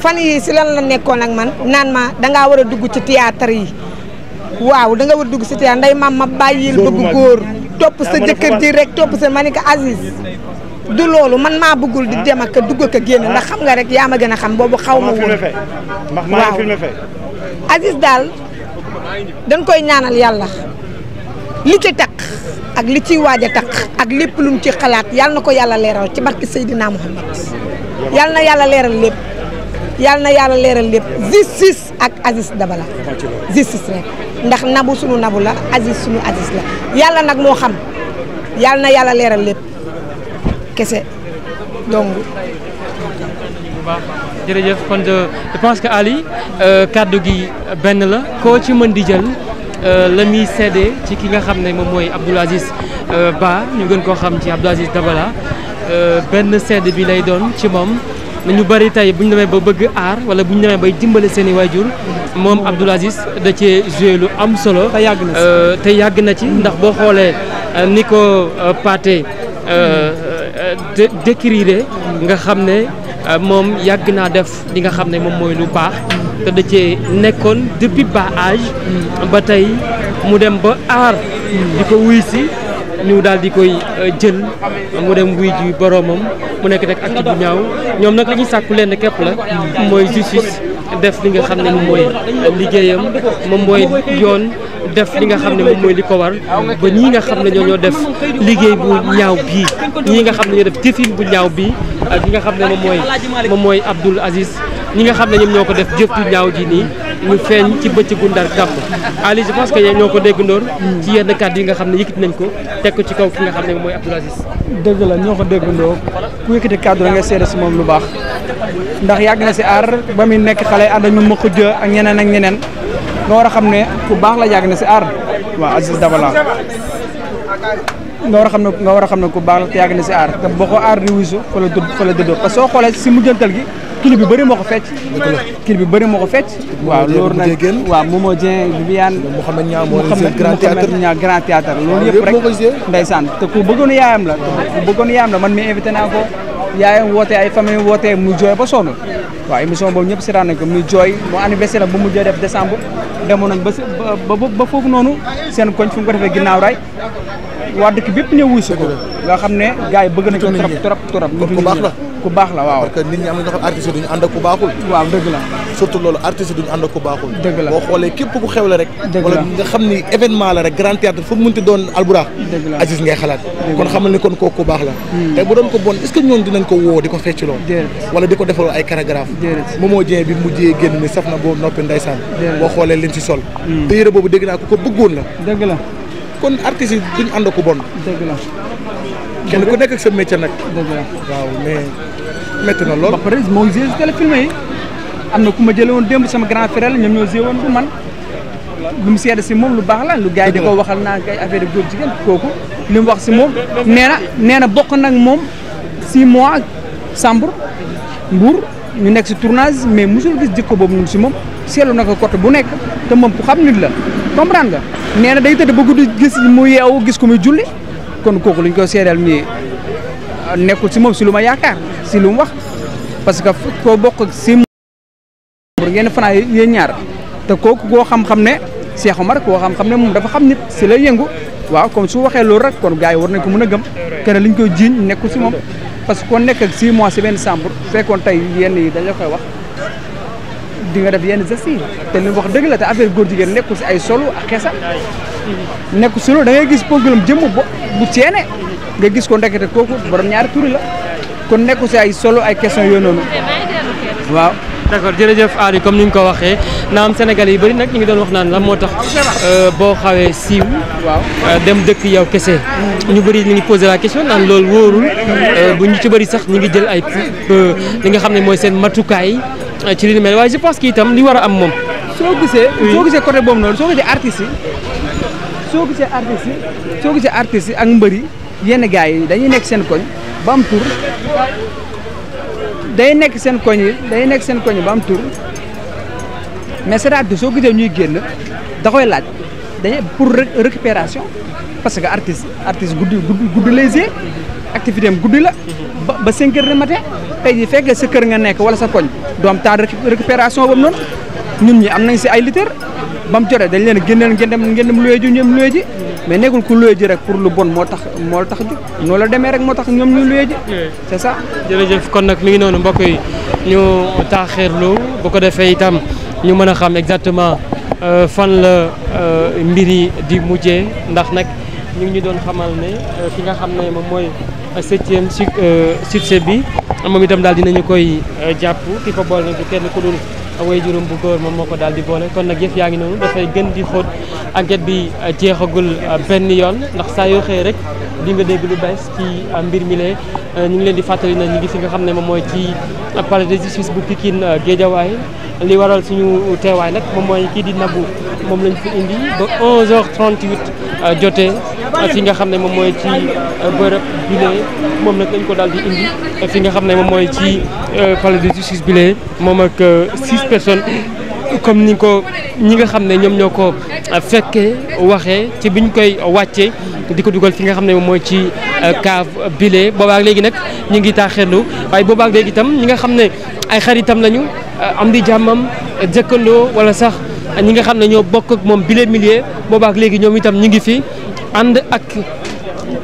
fan yii si lan la nekkoon ak man naan ma dangaa war a dugg ci théâtre yi waaw danga nga war a dugg si théâtre nday maam ma bàyyil bëgg góor topp sa jëkkër ji rek topp sa ma ni ko du loolu man maa bëggul di dem ak dugg ak génn ndax xam nga rek yaa ma gën a xam boobu xaw ma woon waaw Aziz daal dañ koy ñaanal yàlla li ci takk ak li ciy waaj a takk ak lépp lum mu ci xalaat yàlla na ko yàlla leeral ci barki Seydina Muhammad yàlla na yàlla leeral lépp yàlla na yàlla leeral lépp justice ak Aziz Dabala justice rek ndax nabu suñu nabu la Aziz suñu Aziz la yàlla nag moo xam yàlla na yàlla leeral lépp kese donc jërëjëf kon je pense que Ali euh, kàddu gi benn la koo ci mën di jël euh, la muy seede ci ki nga xam ne moom mooy Abdoul Aziz euh, Ba ñu gën koo xam ci Abdoul Aziz Dabala benn sedd bi lay doon ci moom na ñu bëri tey bu ñu demee ba bëgg aar wala bu ñu demee bay dimbali seeni waajur moom Abdoul Aziz da cee joué lu am solo. te yàgg na ci euh, ndax boo xoolee euh, ni ko euh, Pathé décrire nga xam ne moom yàgg naa def li nga xam ne moom mooy lu baax. Mm. te da cee nekkoon depuis bas âge. Mm. ba tey mu dem ba aar. Mm. di ko wuy si ñu daal di koy jël mu dem wuy ji boroomam. mu nekk rek acte bu ñaaw ñoom nag la sàkku leen képp la mooy justice def li nga xam ne moom mooy liggéeyam moom mooy yoon def li nga xam ne moom mooy li ko war ba ñii nga xam ne ñoo ñoo def liggéey bu ñaaw bii ñii nga xam ne ñoo bu ñaaw bii ak ñi nga xam ne moom mooy moom mooy Abdoul Aziz ñi nga xam ne ñoom ñoo ko def jëf ju ñaaw ji nii ñu feeñ ci bëccëgu ndar kàpp Ali je pense que ñoo ko dégg ndoor ci yenn kàddu yi nga xam ne yëkkati nañ ko teg ko ci kaw ki nga xam ne mooy Abdoul Aziz dëgg la ñoo ko dégg ndoor ku yëkkati kàddu la nga seede si moom lu baax ndax yàgg na si aar ba muy nekk xale ànd ak ñu ma xujj ak ñeneen ak ñeneen nga war a xam ne ku baax la yàgg na si aar waaw Aziz Dabala nga war a xam ne nga war xam ne ku baax la te yàgg na si aar te boo ko aar riwisu fa la dëdd fa la dëddoo parce que soo xoolee si mujjantal gi kili bëri moo ko fecc kili bi bëri moo ko fecc waaw loolu nag waaw Momo Dieng Viviane Mouhamed Niang grand théâtre loolu yëpp rek ndeysaan te ku bëggoon yaayam la ku bëggoon yaayam la man mi invité naa yaayam woote ay famille wootee mu jooy ba sonn waaw émission boobu ñëpp seetaan nañ ko muy jooy mu anniversaire ba mu jooy def décembre demoon nañ ba ba foofu noonu seen koñ fu mu ko defee waa dëkk bépp ne wuy si ko nga xam ne gars yi bëgg nañ ko trop trop trop ku baax la ku baax la waaw parce que nit ñi am na ñoo xam artiste duñu ànd ak ku baaxul waaw loolu artiste duñu ànd ak ku baaxul boo xoolee képp ku xew la rek wala nga xam ni événement la rek grand théâtre fu mu munti doon alburax Aziz ngay xalaat kon xamal ni kon kooku ku baax la hmm. te bu doon ko bon est-ce que ñoon dinañ ko woo di ko fecculoo wala di ko defaloo ay chorégraphe moomoo jeen bi mujjee na boo noppi ndeysaan boo xoolee leen si sol hmm. te boobu dégg naa ku ko bëggoon kon artistes yi duñ ànd ko bon. dëgg la kenn ku nekk ak sa métier nag. dëgg waaw mais métti na lool. ba pare moo yi am na ku ma jëlee woon démb sama grand frère la ñoom ñoo gérer woon bu man lu mu seede si moom lu baax la lu gars yi di ko waxal naa kay affaire góor jigéen kooku li mu wax si moom nee na nee na bokk nag moom six mois Sambour Mbour ñu nekk si tournage mais mosul gis jikko boobu ñun si moom seetlu na ko côté bu nekk te moom ku xam nit la. comprendre nga nee na day tëdd ba guddi gis mu yeewu gis ko muy julli kon kooku luñ ko seedeel nii ah, nekkul si moom si lu ma yaakaar si lu mu wax parce que koo bokk si pour ngeen fanaan yéen ñaar te kooku koo xam-xam ne Cheikh Omar koo xam-xam ne moom dafa xam nit si lay yëngu waaw kon su waxee loolu rek kon gars yi war nañ ko mën a gëm kene liñ koy jiiñ nekkul si moom parce que kon nekk ak six mois si benn chambre fekkoon tey yenn yi dañ koy wax di nga def yenn gestes yi te li wax dëgg la te affaire góor jigéen nekkul si ay solo ak xeesal nekkul solo da ngay gis pëggalam jëmm bu bu ceene nga gis ko ndekete kooku borom ñaari turi la kon nekkul si ay solo ay question yooyu noonu waaw d' accord jërëjëf Henri comme ni nga ko waxee naam Sénégalais yi bari nag ñu ngi doon wax naan lan moo tax euh, boo xawee siiw. waaw euh, dem dëkk yow kese. ñu bëri ni ngi posé la question naan loolu wóorul euh, bu ñu ci bari sax ñu ngi jël ay li nga xam ne mooy seen matukaay. Euh, ci li ni mel waaye je pense que itam li war am moom. soo gisee soo gisee côté boobu noonu soo gisee artistes soo gisee artistes yi soo gisee yi ak mbër yi yenn gars yi dañuy nekk seen koñ ba tur day nekk seen koñ yi day nekk seen koñ yi ba am tur mais cest à soo gisee ñuy génn da laaj dañuy pour récupération parce que artiste artiste guddi guddi guddi activité am guddi la. ba 5 heures du matin tey jii fekkee sa kër nga nekk wala sa koñ doom temps de récupération boobu noonu ñun ñi am nañ si ay litre ba mu joree dañ leen génneen ngeen dem ngeen dem luwee ji ñoom luwee ji mais nekkul ku luwee ji rek pour lu bon moo tax moo tax jug noo la demee rek moo tax ñoom ñu luwee ji c'est ça jërëjëf kon nag mi ngi noonu mbokk yi ñu taaxeerlu boo ko defee itam ñu mën a xam exactement euh, fan la euh, mbir yi di mujjee ndax nag ñu ngi ñu doon xamal ne fi euh, moom mooy septième su euh, succès bi moom itam daal dinañu koy euh, jàpp ki ko boole nag kenn ku dul way juróom bu góor moom moo ko daal di boole kon nag yëf yaa ngi noonu dafay gën di xóot enquête bi euh, jeexagul benn yoon ndax saa yoo xëyee rek di nga dégg lu bees ci mbir mi lee ñu ngi leen di fàttali na ñu ngi fi nga xam ne moom mooy ci palais de justice bu Pikine Géejawaay li waral suñu teewaay nag moom mooy kii di Nabou moom lañ fi indi ba 11h38 jotee fi nga xam ne moom mooy ci bilee moom nag dañ ko daal di indi fi nga xam ne moom mooy ci euh, palais de justice bilee moom ak euh, six personnes comme ni ko ñi nga xam ne ñoom ñoo ko fekkee waxee ci biñ koy wàccee di ko dugal fi nga xam ne moom mooy ci euh, cave bilee boobaak léegi nag ñu ngi taax taaxeerlu waaye boobaak léegi itam ñi nga xam ne ay xaritam lañu am di jàmmam jëkkandoo wala sax ñi nga xam ne ñoo bokk ak moom bilee millier boobaak léegi ñoom itam ñu ngi fi ànd ak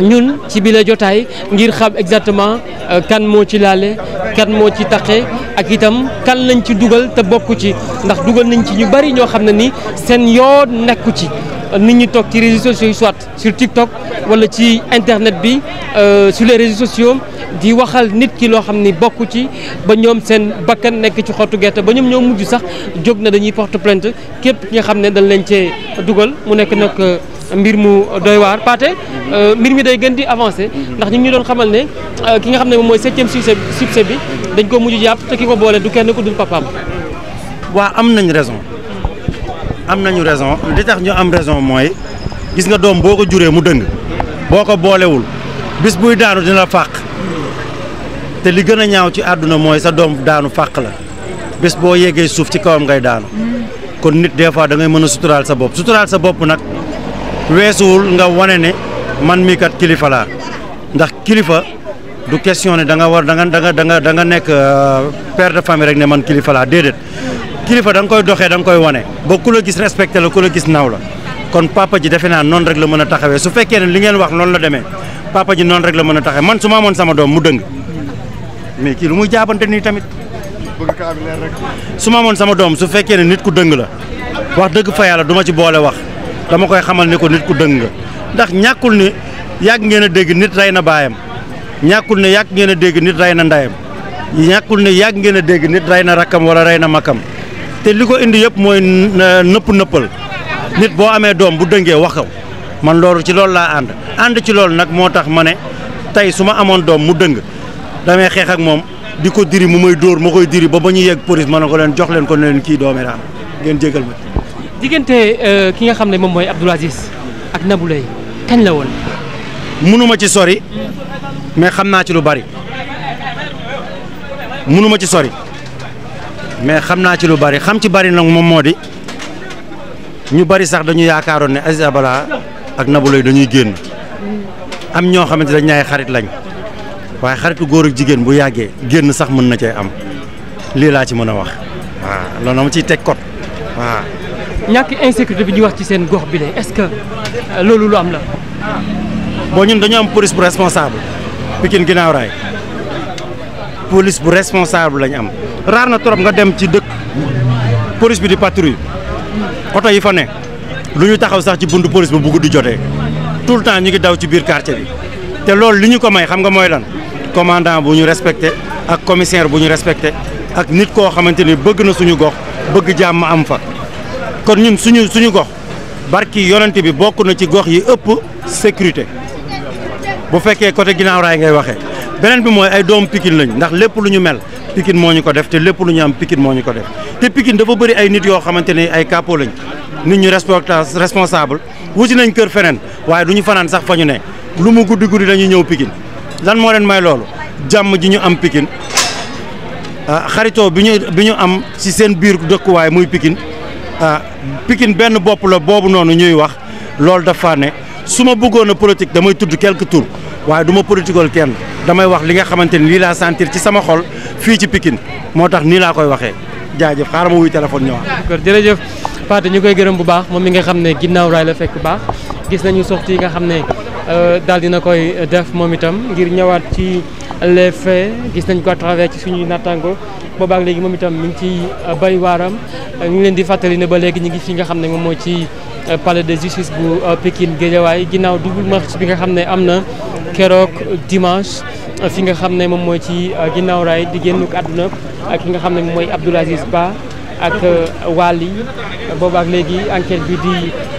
ñun ci bi jotaay ngir xam exactement euh, kan moo ci laale kan moo ci taqe ak itam kan lañ ci dugal te bokku ci ndax dugal nañ ci ñu bari ñoo xam ne ni seen yoon nekku ci nit ñi toog ci réseaux sociaux yi soit sur TikTok wala ci internet bi euh, sur les réseaux sociaux di waxal nit ki loo xam ni bokku ci ba ñoom seen bakkan nekk ci xottu gerte ba ñoom ñoo mujj sax jóg na dañuy porte plainte képp ñu xam ne dañ lañ cee dugal mu nekk nag euh, mbir mu doy waar Pathé euh, mbir mi day gën di avancé ndax ñu ñu doon xamal ne euh, ki nga xam ne moom mooy septième succès succès bi dañ koo mujj jàpp te ki ko boole du kenn ku dul papaam waaw am nañ raison am nañu raison li tax ñu am raison mooy gis nga doom boo ko juree mu dëng boo ko boolewul bis buy daanu dina la te li gën a ñaaw ci àdduna mooy sa doom daanu fàq la bis boo yeggee suuf ci kawam ngay daanu kon nit des fois da mën suturaal sa bopp suturaal sa bopp nag weesuwul nga wane ne man mii kat kilifa laa ndax kilifa du question ne da nga war da nga da nga da nga nekk euh, père de famille rek ne man kilifa laa déedéet kilifa da koy doxee da koy wane ba ku la gis respecté la ku la gis naaw la kon papa ji defe naa noonu rek la mën a taxawee su fekkee ne li ngeen wax noonu la demee papa ji noon rek la mën a taxawee man su ma amoon sama doom mu dëng mais kii lu muy jaabante nii tamit su ma amoon sama doom su fekkee ne nit ku dëng la wax dëgg fa yàlla ci boole wax. dama koy xamal ni ko nit ku dëng nga ndax ñàkkul ne yàgg ngeen a dégg nit ray na baayam ñàkkul ne yàgg ngeen a dégg nit rey na ndayam ñàkkul ne yàgg ngeen a nit rey na rakkam wala rey na makkam te li ko indi yépp mooy nëpp nëppal nit boo amee doom bu dëngee wax kaw man loolu ci loolu laa ànd ànd ci loolu nag moo tax ma ne tey su ma amoon doom mu dëng damay xeex ak moom di ko diri mu may dóor ma koy diri ba ba ñu yegg police ma ne ko leen jox leen ko ne leen kii doomee daam ngeen jégal ma diggante euh, ki nga xam ne moom mooy Abdoul ak Nabou Leye la woon. mënuma ci sori mais xam naa ci lu bari mënuma ci sori mais xam naa ci lu bari xam ci bari nag moom moo di ñu bari sax dañu yaakaaroon ne Aziz Dabala ak Nabou Leye dañuy génn am ñoo xamante dañ ñaay xarit lañ waaye xaritu góor ak jigéen bu yàggee génn sax mën na cee am lii laa ci mën a wax waaw loolu ma ciy teg kot waaw. ñàkk insécurité bi ñuy wax ci seen gox bi la est-ce que euh, loolu lu am la. boo ñun dañu am police bu responsable Pikine ginnaaw raay police bu responsable lañu am raar na trop nga dem ci dëkk polis bi di patrouille oto yi fa ne lu ñu taxaw sax ci buntu police bi bu guddi jotee tout le temps ñu ngi daw ci biir quartier bi te loolu li ñu ko may xam nga mooy lan commandant bu ñu respecté ak commissaire bu ñu respecté ak nit koo xamante ni bëgg na suñu gox bëgg jàmm am fa. kon ñun suñu suñu gox barki yonent bi bokk na ci gox yi ëpp sécurité bu fekkee côté ginnaaw raay ngay waxee beneen bi mooy ay doom Pikine lañ ndax lépp lu ñu mel Pikine moo ñu ko def te lépp lu ñu am Pikine moo ñu ko def te Pikine dafa bari ay nit yoo xamante ne ay capot lañ nit ñu responsable wuti nañ kër feneen waaye du ñu fanaan sax fa ñu ne lu mu guddi guddi dañuy ñëw pikin lan moo leen may loolu jàmm ji ñu am Pikine ah, xaritoo bi ñu bi am si seen biir dëkkuwaay muy Pikine ah Pikine benn bopp la boobu noonu ñuy wax loolu dafa ne su ma bëggoon a damay tudd quelques tours waaye duma ma politiqueal kenn damay wax li nga xamante ni lii laa sentir ci sama xol fii ci Pikine moo tax nii laa koy waxee jaajëf xaaral ma wuy téléphone ñëwaat. d'accord jërëjëf Fatou ñu koy gërëm bu baax moom mi nga xam ne ginnaaw raay la fekk bu baax gis nañu sortie yi nga xam ne. Euh, daal dina koy def moom itam ngir ñëwaat ci les faits gis nañ ko à travers ci suñuy nattango boobaak léegi moom itam mu ngi ciy euh, bay waaram euh, ñu ngi leen di fàttali ne ba léegi ñu ngi fi nga xam ne moom mooy ci palais de justice bu Pikine Guédiawaye ginnaaw double marche bi nga xam ne am na keroog dimanche fi nga xam ne moom mooy ci ginnaaw raay di génn àdduna ak ki nga xam ne moom mooy Abdoul Aziz Ba ak Wally boobaak léegi enquête bi di